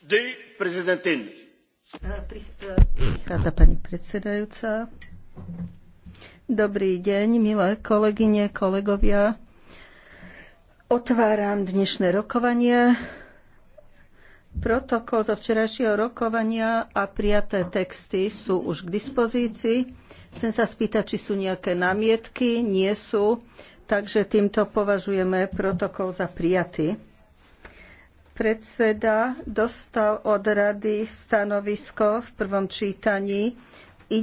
Eh, eh, Dobrý deň, milé kolegyne, kolegovia. Otváram dnešné rokovanie. Protokol zo včerajšieho rokovania a prijaté texty sú už k dispozícii. Chcem sa spýtať, či sú nejaké námietky. Nie sú. Takže týmto považujeme protokol za prijatý. Predseda dostal od rady stanovisko v prvom čítaní